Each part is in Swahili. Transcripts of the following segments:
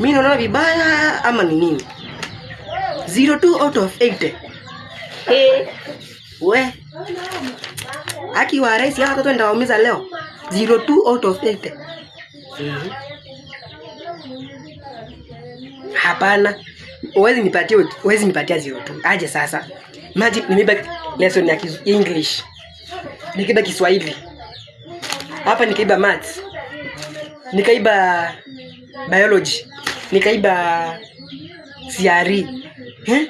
mi naona vibaya ama ni nini? 02 out of 80 hey. We aki wa rais ya watoto nitawaumiza leo. 02 out of 80 mm Hapana, huwezi nipatia, huwezi nipatia 02. Aje sasa, imagine nimebaki lesson ya English nikiba Kiswahili hapa nikiba maths nikaiba biology nikaiba CRE eh?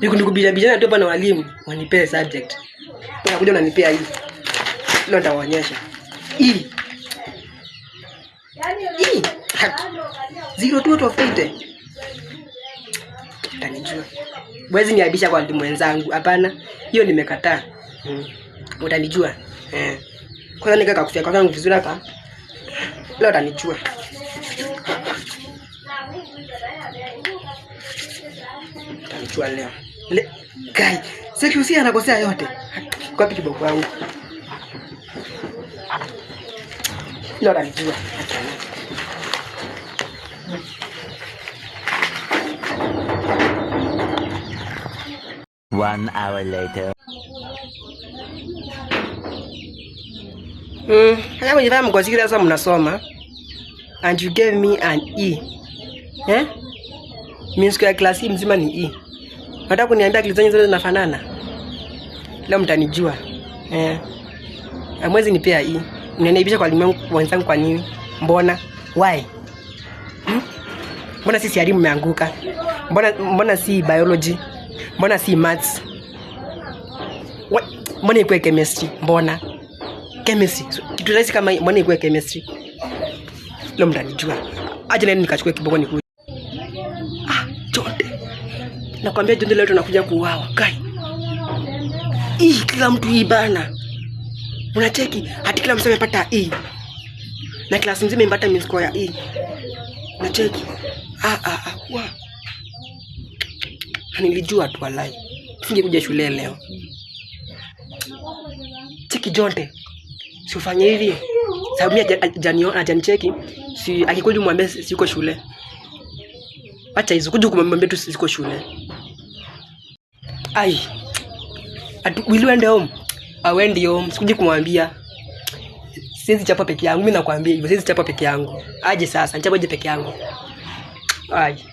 Nikubijana bijana tu hapa walimu wanipee subject, kuja unanipea hii leo, nitawaonyesha hii hii zero tu watu wafite tanijua wezi niabisha kwa walimu wenzangu. Hapana, hiyo nimekataa. Hmm. Utanijua eh. Kwanza nikaka kufia kwangu vizuri hapa Leo atanichua. Atanichua leo. Le, kai, sikusi anakosea yote. Kwa kitu boko yangu. Leo One hour later. Mm, haya mjivaa mkosikila sasa mnasoma and you gave me an E eh? Means kwa klasi mzima ni E. Nataka kuniambia akili zenyu zote zinafanana? Leo mtanijua eh. Na mwezi ni pia E. Mnaniibisha kwa walimu wenzangu kwa nini? Mbona? Why? Hmm? Mbona sisi siari mmeanguka? Mbona mbona si biology? Mbona si maths? What? Mbona ikuwe chemistry? Mbona? Chemistry. kitu rahisi kama mbona ikuwe chemistry? leo mtanijua. Aje nani nikachukue kiboko niku. Ah, Jonde. Nakwambia Jonde leo tunakuja kuuawa. Kai. Ii, kila mtu hii bana. Unacheki hati kila mtu amepata hii. Na kila simu mzima imepata misko ya hii. Unacheki. Ah ah ah. Wa. Nilijua tu walai. kuja shule leo. Cheki Jonde. Sifanye hivi. Sababu mimi ajanicheki si akikuja umwambie siko shule acha hizo kuja kumwambia tu siko shule ai Atu, will you end home I went home sikuji kumwambia siwezi chapa peke yangu mimi nakwambia hivyo siwezi chapa peke yangu aje sasa nichapa je peke yangu ai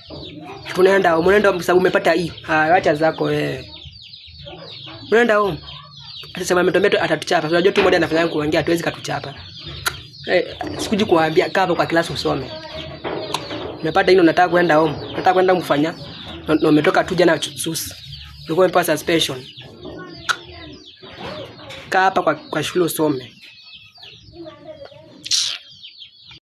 tunaenda home unaenda home sababu umepata hii haya acha zako wewe unaenda home sasa mama ametwambia atatuchapa unajua tu moja anafanya kuongea hatuwezi katuchapa Eh, sikuji kuambia kaa kwa klasi usome. Umepata hilo, nataka kwenda home, nataka kwenda mfanya na umetoka no, tu jana sus ulikuwa umepewa suspension. Kaa hapa kwa, kwa shule usome.